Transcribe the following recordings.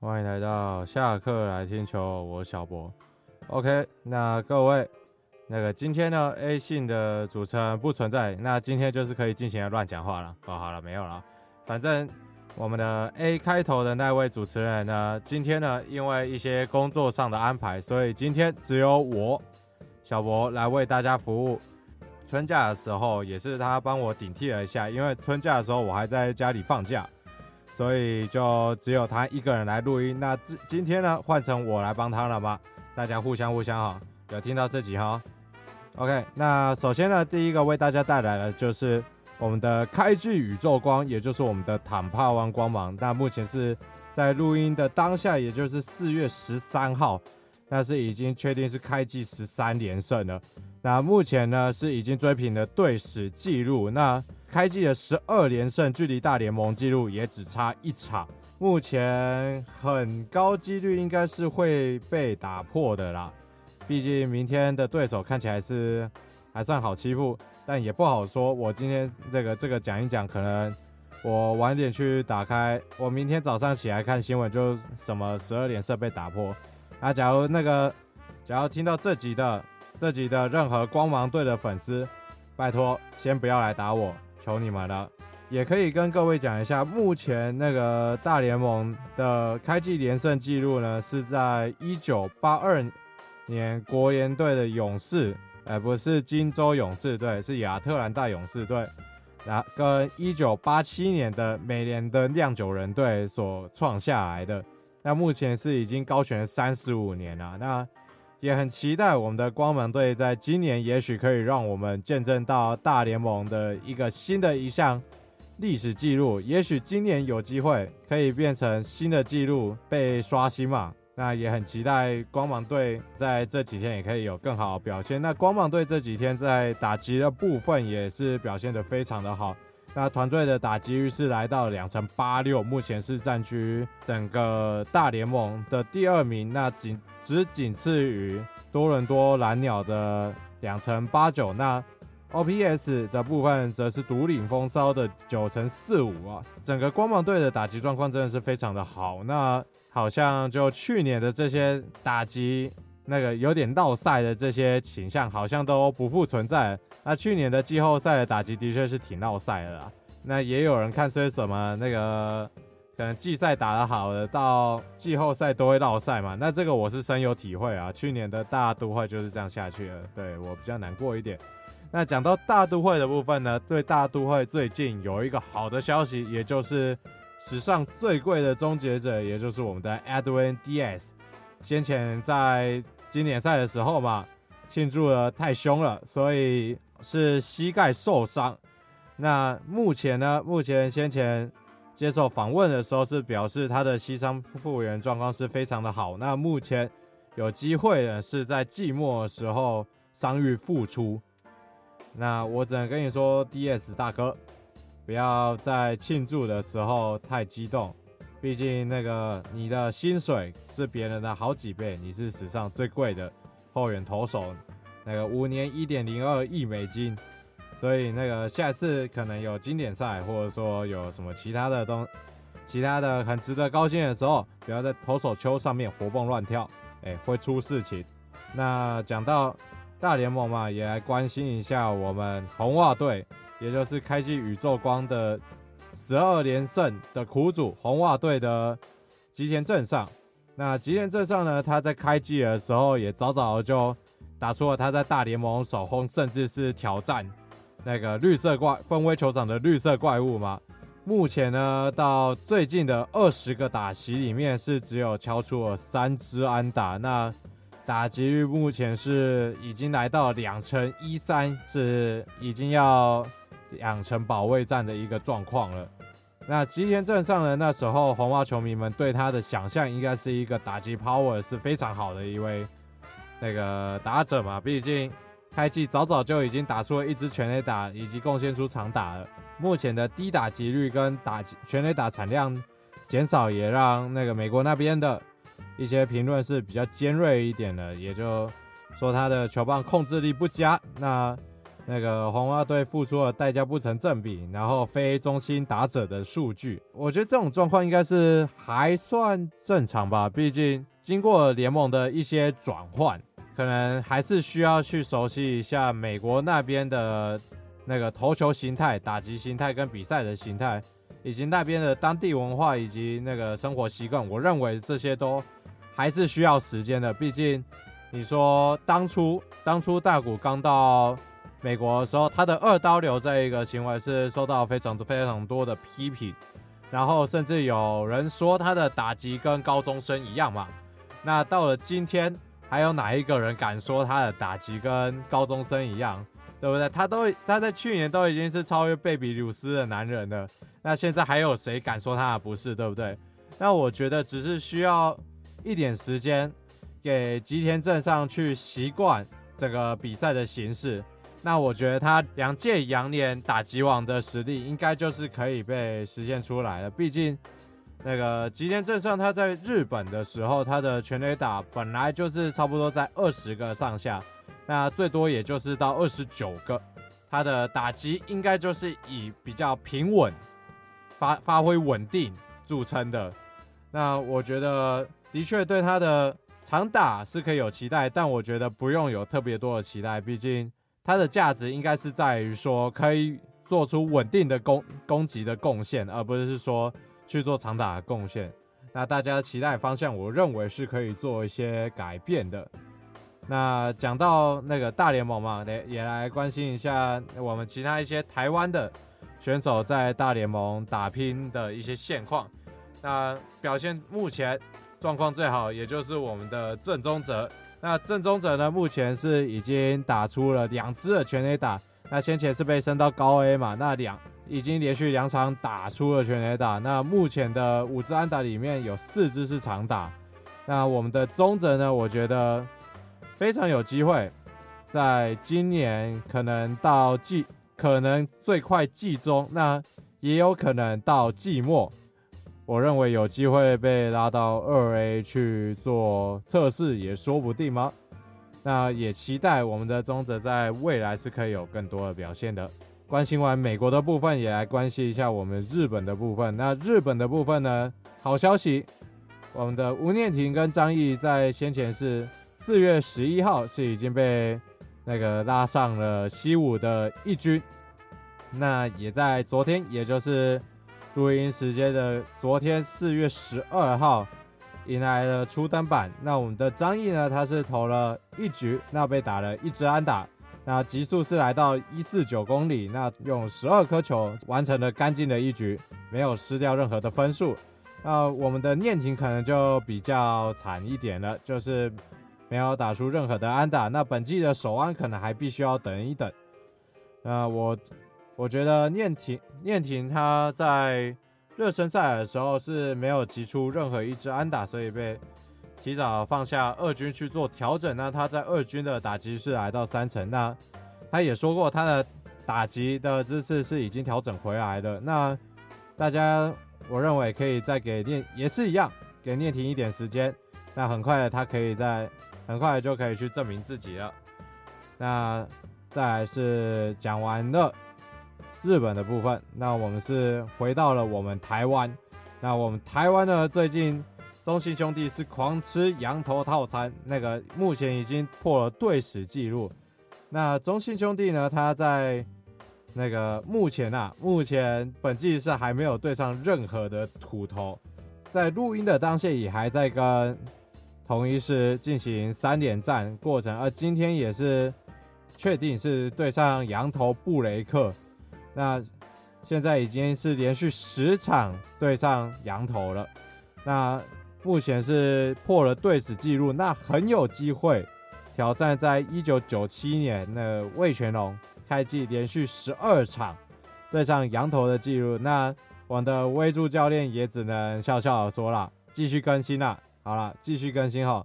歡迎來到下課來聽球，我是小博。OK，那各位，那個今天呢 A 姓的主持人不存在，那今天就是可以進行亂講話了。哦，好了，沒有了。反正我們的 A 開頭的那位主持人呢，今天呢因為一些工作上的安排，所以今天只有我小博來為大家服務。春假的時候也是他幫我頂替了一下，因為春假的時候我還在家裡放假。所以就只有他一個人來錄音。那今今天呢，換成我來幫他了吧，大家互相互相哈，有聽到這集齁？OK，那首先呢，第一個為大家帶來的就是我們的開季宇宙光，也就是我們的坦帕灣光芒。那目前是在錄音的當下，也就是四月十三號，但是已經確定是開季十三連勝了。那目前呢是已經追平了隊史紀錄。那開季的十二連勝，距離大聯盟紀錄也只差一場，目前很高幾率應該是會被打破的啦。畢竟明天的對手看起來是還算好欺負，但也不好說。我今天這個這個講一講，可能我晚點去打開，我明天早上起來看新聞就什麼十二連勝被打破。那假如那個，假如聽到這集的這集的任何光芒隊的粉絲，拜託先不要來打我。求你們了！也可以跟各位講一下，目前那個大聯盟的開季連勝紀錄呢，是在一九八二年國聯隊的勇士，而、呃、不是金州勇士隊，是亞特蘭大勇士隊，那跟一九八七年的美聯的釀酒人隊所創下來的。那目前是已經高懸三十五年了。那也很期待我們的光芒隊在今年，也許可以讓我們見證到大聯盟的一個新的一項歷史記錄。也許今年有機會可以變成新的記錄被刷新嘛？那也很期待光芒隊在這幾天也可以有更好的表現。那光芒隊這幾天在打擊的部分也是表現的非常的好。那團隊的打擊率是來到了兩成八六，目前是佔據整個大聯盟的第二名，那僅只僅次於多倫多藍鳥的兩成八九。那 OPS 的部分則是獨領風騷的九成四五啊！整個光芒隊的打擊狀況真的是非常的好。那好像就去年的這些打擊。那個有點鬧賽的這些傾向好像都不復存在，那去年的季後賽的打擊的確是挺鬧賽的啦，那也有人看說什麼那個可能季賽打得好的到季後賽都會鬧賽嘛？那這個我是深有體會啊。去年的大都會就是這樣下去了，對我比較難過一點。那講到大都會的部分呢，對大都會最近有一個好的消息，也就是史上最貴的終結者，也就是我們的 Edwin Diaz。先前在經典賽的時候嘛，慶祝的太凶了，所以是膝蓋受傷。那目前呢？目前先前接受訪問的時候是表示他的膝傷復原狀況是非常的好。那目前有機會的是在季末的時候傷癒復出。那我只能跟你說，D.S 大哥，不要在慶祝的時候太激動。畢竟那個你的薪水是別人的好幾倍，你是史上最貴的後援投手，那個五年一點零二億美金，所以那個下次可能有經典賽，或者說有什麼其他的東，其他的很值得高興的時候，不要在投手丘上面活蹦亂跳，哎，會出事情。那講到大聯盟嘛，也來關心一下我們紅襪隊，也就是開啟宇宙光的。十二連勝的苦主紅襪隊的吉田正尚，那吉田正尚呢？他在開季的時候也早早的就打出了他在大聯盟首轟，甚至是挑戰那個綠色怪芬威球場的綠色怪物嘛。目前呢，到最近的二十個打席裡面是只有敲出了三支安打，那打擊率目前是已經來到兩成一三，1，是已經要，養成保衛戰的一個狀況了。那吉田正尚的那時候紅襪球迷們對他的想象應該是一個打擊 power 是非常好的一位那個打者嘛。畢竟開季早早就已經打出了一支全壘打，以及貢獻出長打了。目前的低打擊率跟打擊全壘打產量減少，也讓那個美國那邊的一些評論是比較尖銳一點的，也就說他的球棒控制力不佳。那。那個紅襪隊付出的代價不成正比，然後非中心打者的數據，我覺得這種狀況應該是還算正常吧。畢竟經過聯盟的一些轉換，可能還是需要去熟悉一下美國那邊的那個投球形態、打擊形態跟比賽的形態，以及那邊的當地文化以及那個生活習慣。我認為這些都還是需要時間的。畢竟你說當初當初大谷剛到。美國的時候，他的二刀流這一個行為是受到非常多非常多的批評，然後甚至有人說他的打擊跟高中生一樣嘛。那到了今天，還有哪一個人敢說他的打擊跟高中生一樣，對不對？他都他在去年都已經是超越貝比魯斯的男人了，那現在還有誰敢說他不是，對不對？那我覺得只是需要一點時間，給吉田正尚去習慣這個比賽的形式。那我覺得他兩屆洋聯打擊王的實力，應該就是可以被實現出來了。畢竟，那個吉田正尚他在日本的時候，他的全壘打本來就是差不多在二十個上下，那最多也就是到二十九個。他的打擊應該就是以比較平穩、發發揮穩定著稱的。那我覺得的確對他的長打是可以有期待，但我覺得不用有特別多的期待，畢竟。它的價值應該是在於說，可以做出穩定的攻攻擊的貢獻，而不是說去做長打的貢獻。那大家的期待方向，我認為是可以做一些改變的。那講到那個大聯盟嘛，也也來關心一下我們其他一些台灣的選手在大聯盟打拼的一些現況。那表現目前狀況最好，也就是我們的鄭中哲。那正宗者呢，目前是已經打出了兩支的全壘打。那先前是被升到高 A 嘛，那兩已經連續兩場打出了全壘打。那目前的五支安打裡面有四支是長打。那我們的宗者呢？我覺得非常有機會，在今年可能到季，可能最快季中，那也有可能到季末。我認為有機會被拉到二 A 去做測試也說不定嗎？那也期待我們的宗澤在未來是可以有更多的表現的。關心完美國的部分，也來關心一下我們日本的部分。那日本的部分呢？好消息，我們的吳念庭跟張奕在先前是四月十一號是已經被那個拉上了西武的一軍，那也在昨天，也就是。錄音時間的昨天四月十二號，迎來了初登板。那我們的張奕呢，他是投了一局，那被打了一支安打，那極速是來到一四九公里，那用十二顆球完成了乾淨的一局，沒有失掉任何的分數。那我們的念庭可能就比較慘一點了，就是沒有打出任何的安打，那本季的首安可能還必須要等一等。那我。我覺得念廷、念廷他在熱身賽的時候是沒有擊出任何一支安打，所以被提早放下二軍去做調整。那他在二軍的打擊是來到三成，那他也說過他的打擊的姿勢是已經調整回來的。那大家我認為可以再給念也是一樣，給念廷一點時間，那很快他可以再很快就可以去證明自己了。那再來是講完了日本的部分，那我們是回到了我們台灣。那我們台灣呢？最近中信兄弟是狂吃洋投套餐，那個目前已經破了隊史記錄。那中信兄弟呢？他在那個目前啊，目前本季是還沒有對上任何的土投，在錄音的當下也還在跟統一獅進行三連戰過程，而今天也是確定是對上洋投布雷克。那現在已經是連續十場對上洋投了，那目前是破了隊史紀錄，那很有機會挑戰在一九九七年那味全龍開季連續十二場對上洋投的記錄。那我們的微助教練也只能笑笑的說了，繼續更新了。好了，繼續更新哈。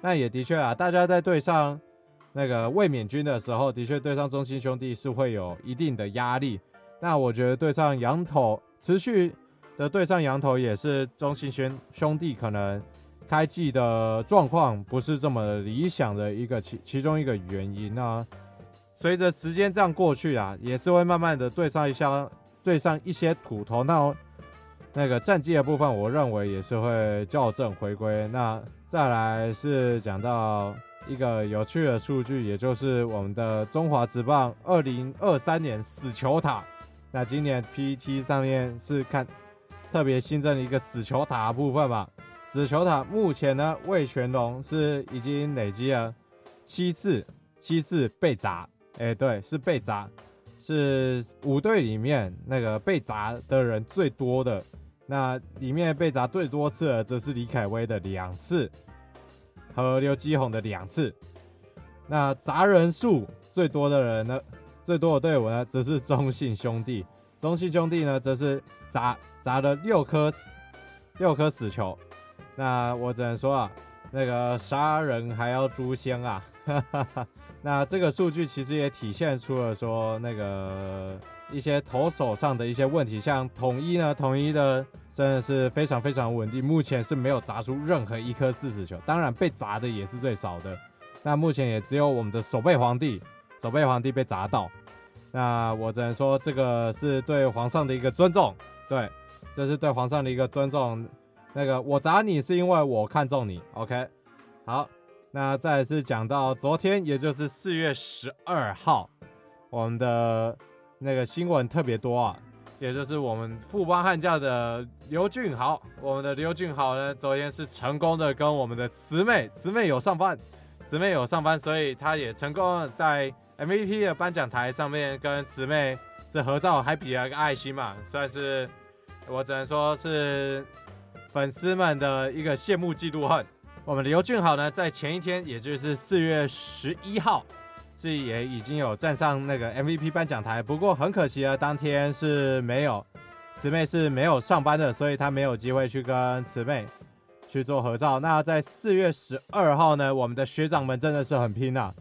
那也的確啊，大家在隊上。那個衛冕軍的時候，的確對上中信兄弟是會有一定的壓力。那我覺得對上洋投持續的對上洋投也是中信兄兄弟可能開季的狀況不是這麼理想的一個其其中一個原因。那隨着時間這樣過去啊，也是會慢慢的對上一下對上一些土投，那那個戰績的部分，我認為也是會校正回歸。那再來是講到。一個有趣的數據，也就是我們的中華職棒二零二三年死球塔。那今年 P T 上面是看特別新增了一個死球塔的部分吧。死球塔目前呢，味全龍是已經累積了七次，七次被砸。哎、欸，對，是被砸，是五隊裡面那個被砸的人最多的。那裡面被砸最多次的，則是李凱威的兩次。和劉基鴻的兩次，那砸人數最多的人呢？最多的隊伍呢？則是中信兄弟。中信兄弟呢，則是砸砸了六顆六顆死球。那我只能說啊，那個殺人還要誅仙啊！哈哈哈。那這個數據其實也體現出了說那個一些投手上的一些問題，像統一呢，統一的。真的是非常非常穩定，目前是沒有砸出任何一顆四死球，當然被砸的也是最少的。那目前也只有我們的守備皇帝，守備皇帝被砸到，那我只能說這個是對皇上的一個尊重，對，這是對皇上的一個尊重。那個我砸你是因為我看中你，OK？好，那再次講到昨天，也就是四月十二號，我們的那個新聞特別多啊。也就是我們富邦悍將的劉俊豪，我們的劉俊豪呢，昨天是成功的跟我們的慈妹，慈妹有上班，慈妹有上班，所以他也成功在 MVP 的頒獎台上面跟慈妹這合照，還比了個愛心嘛，算是我只能說是粉絲們的一個羨慕嫉妒恨。我們的劉俊豪呢，在前一天，也就是四月十一號。這也已經有站上那個 MVP 頒獎台，不過很可惜啊，當天是沒有慈妹是沒有上班的，所以她沒有機會去跟慈妹去做合照。那在四月十二號呢，我們的學長們真的是很拼啊，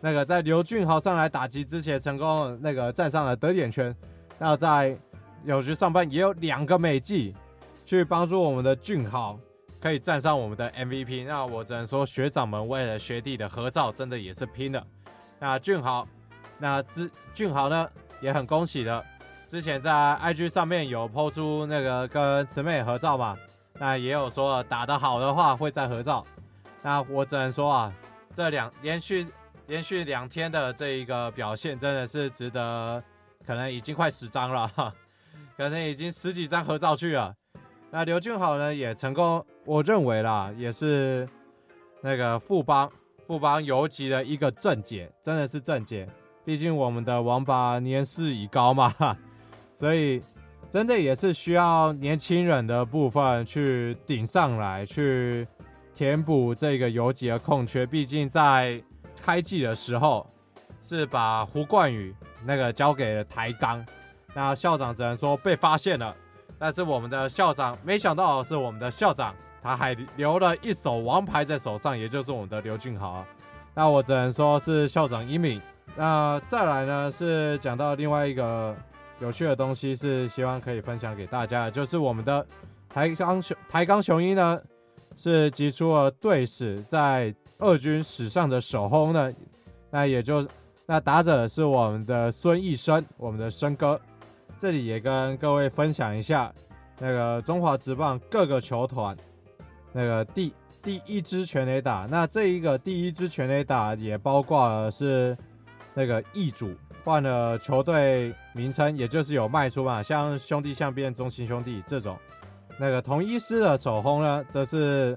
那個在劉俊豪上來打擊之前，成功那個站上了得點圈。那在有時上班也有兩個美技去幫助我們的俊豪可以站上我們的 MVP。那我只能說學長們為了學弟的合照，真的也是拼了。那俊豪，那之俊豪呢，也很恭喜的。之前在 IG 上面有拋出那個跟慈妹合照嘛，那也有說打得好的話會再合照。那我只能說啊，這兩連續連續兩天的這一個表現，真的是值得，可能已經快十張了哈，可能已經十幾張合照去了。那劉俊豪呢，也成功，我認為啦，也是那個富邦。富邦游擊的一個癥結，真的是癥結。畢竟我們的王八年事已高嘛，所以真的也是需要年輕人的部分去頂上來，去填補這個游擊的空缺。畢竟在開季的時候是把胡冠宇那個交給了台鋼，那校長只能說被發現了。但是我們的校長沒想到是我們的校長。他還留了一手王牌在手上，也就是我們的劉俊豪啊。那我只能說是校長英明。那再來呢，是講到另外一個有趣的東西，是希望可以分享給大家的，就是我們的台鋼雄台鋼雄鷹呢，是擊出了隊史在二軍史上的首轟呢。那也就是，那打者是我們的孫藝生，我們的生哥。這裡也跟各位分享一下那個中華職棒各個球團。那個第第一支全壘打，那這一個第一支全壘打也包括了是那個易主換了球隊名稱，也就是有賣出嘛，像兄弟象變中信兄弟這種。那個統一獅的首轟呢，則是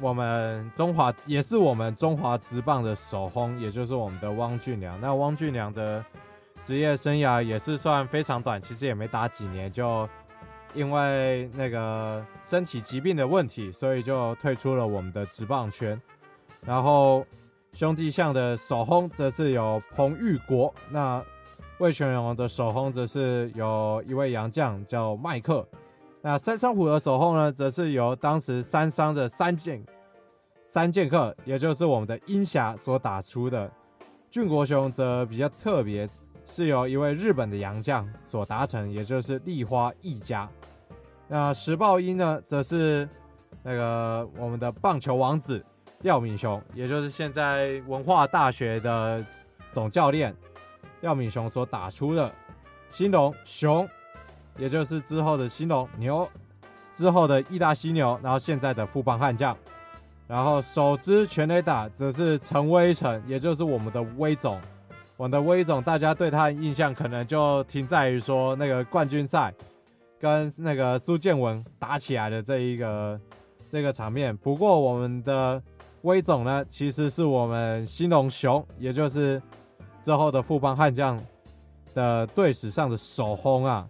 我們中華也是我們中華職棒的首轟，也就是我們的汪俊良。那汪俊良的職業生涯也是算非常短，其實也沒打幾年就。因為那個身體疾病的問題，所以就退出了我們的職棒圈。然後兄弟象的首轟則是由彭玉國，那味全龍的首轟則是由一位洋將叫麥克。那三商虎的首轟呢，則是由當時三商的三劍三劍客，也就是我們的鷹俠所打出的。俊國熊則比較特別，是由一位日本的洋將所達成，也就是立花義家。那時報鷹呢，則是那個我們的棒球王子廖敏雄，也就是現在文化大學的總教練廖敏雄所打出的。興農熊，也就是之後的興農牛，之後的義大犀牛，然後現在的富邦悍將，然後首支全壘打則是陳威成，也就是我們的威總，我們的威總，大家對他的印象可能就停在於說那個冠軍賽。跟那個蘇建文打起來的這一個這個場面，不過我們的威總呢，其實是我們興農熊，也就是之後的富邦悍將的隊史上的首轟啊。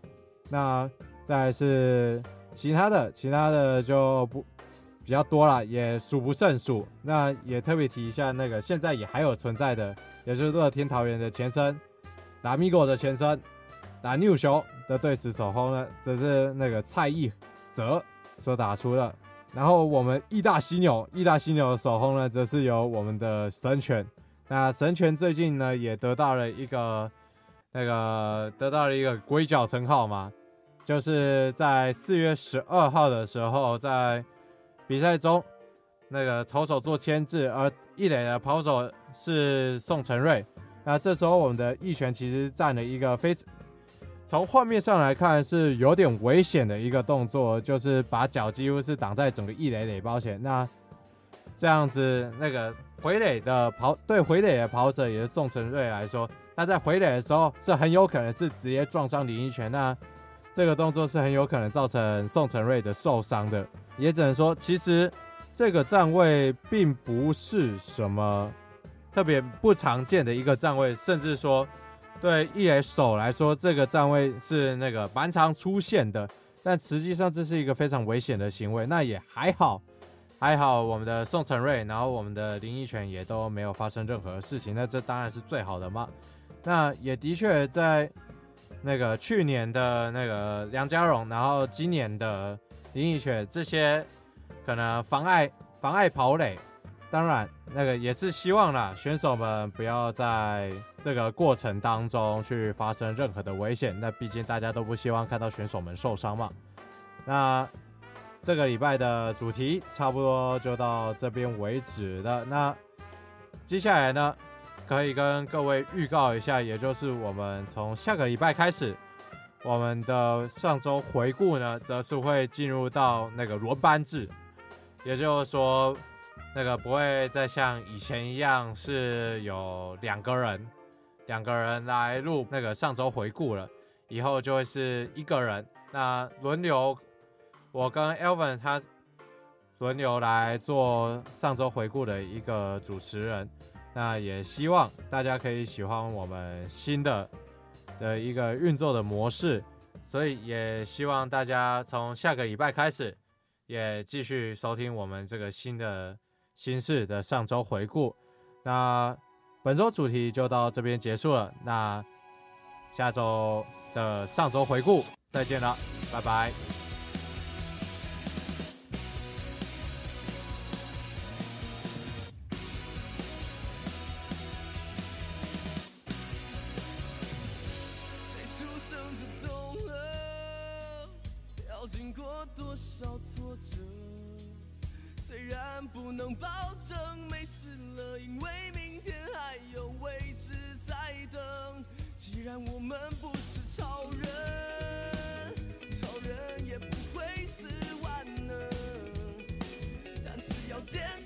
那再來是其他的，其他的就不比較多了，也數不勝數。那也特別提一下那個，現在也還有存在的，也就是樂天桃猿的前身，Lamigo 的前身，La New 熊。的隊史首轟呢，則是那個蔡義澤所打出的。然後我們義大犀牛，義大犀牛的首轟呢，則是由我們的神拳。那神拳最近呢，也得到了一個那個得到了一個鬼腳稱號嘛，就是在四月十二號的時候，在比賽中那個投手做牽制，而一壘的跑者是宋承瑞。那這時候我們的義拳其實佔了一個非常。從畫面上來看，是有點危險的一個動作，就是把腳幾乎是擋在整個一壘壘包前。那這樣子，那個回壘的跑，對回壘的跑者，也是宋成瑞來說，他在回壘的時候，是很有可能是直接撞傷林益全。那這個動作是很有可能造成宋成瑞的受傷的。也只能說，其實這個站位並不是什麼特別不常見的一個站位，甚至說。對一壘手來說，這個站位是那個蠻常出現的，但實際上這是一個非常危險的行為。那也還好，還好我們的宋成瑞，然後我們的林益全也都沒有發生任何事情。那這當然是最好的嘛。那也的確在那個去年的那個梁家榮，然後今年的林益全這些可能妨礙妨礙跑壘。當然，那個也是希望啦，選手們不要在這個過程當中去發生任何的危險。那畢竟大家都不希望看到選手們受傷嘛。那這個禮拜的主題差不多就到這邊為止了。那接下來呢，可以跟各位預告一下，也就是我們從下個禮拜開始，我們的上周回顧呢，則是會進入到那個輪班制，也就是說。那個不會再像以前一樣是有兩個人，兩個人來錄那個上周回顧了，以後就會是一個人。那輪流，我跟 Alvin 他輪流來做上周回顧的一個主持人。那也希望大家可以喜歡我們新的的一個運作的模式，所以也希望大家從下個禮拜開始也繼續收聽我們這個新的。新式的上週回顧，那本周主題就到這邊結束了。那下周的上週回顧，再見了，拜拜。不能保證沒事了，因為明天還有未知在等。既然我們不是超人，超人也不會是萬能，但只要堅持。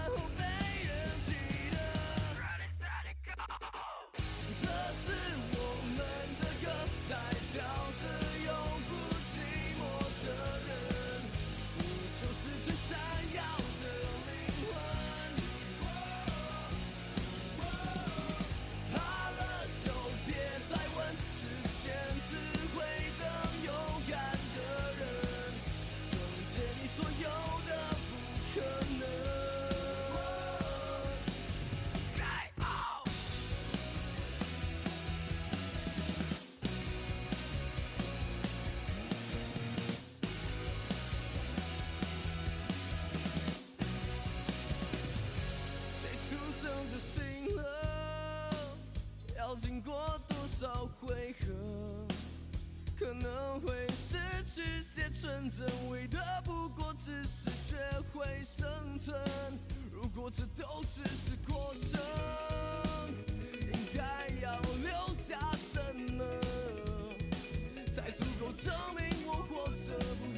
夢就醒了，要經過多少回合？可能會失去些純真，為的不過只是學會生存。如果這都只是過程，應該要留下什麼，才足夠證明我活着？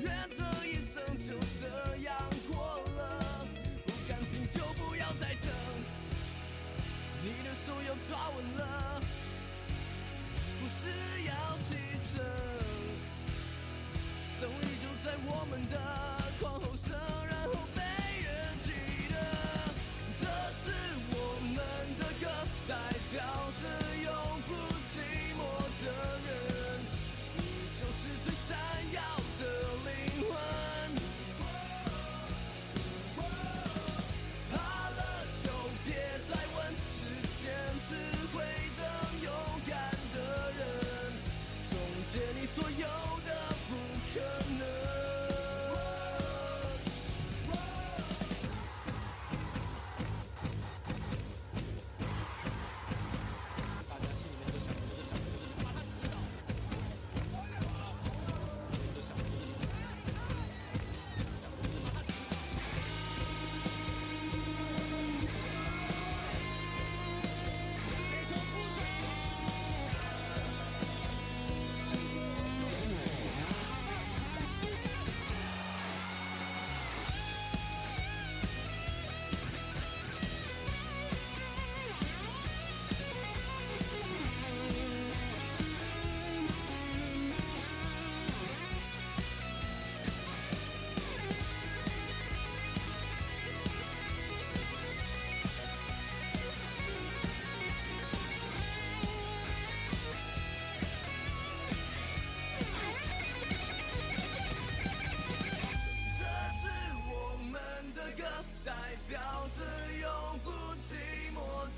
手要抓穩了，故事要啟程，勝利就在我們的。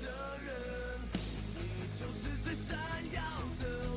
的人，你就是最閃耀的。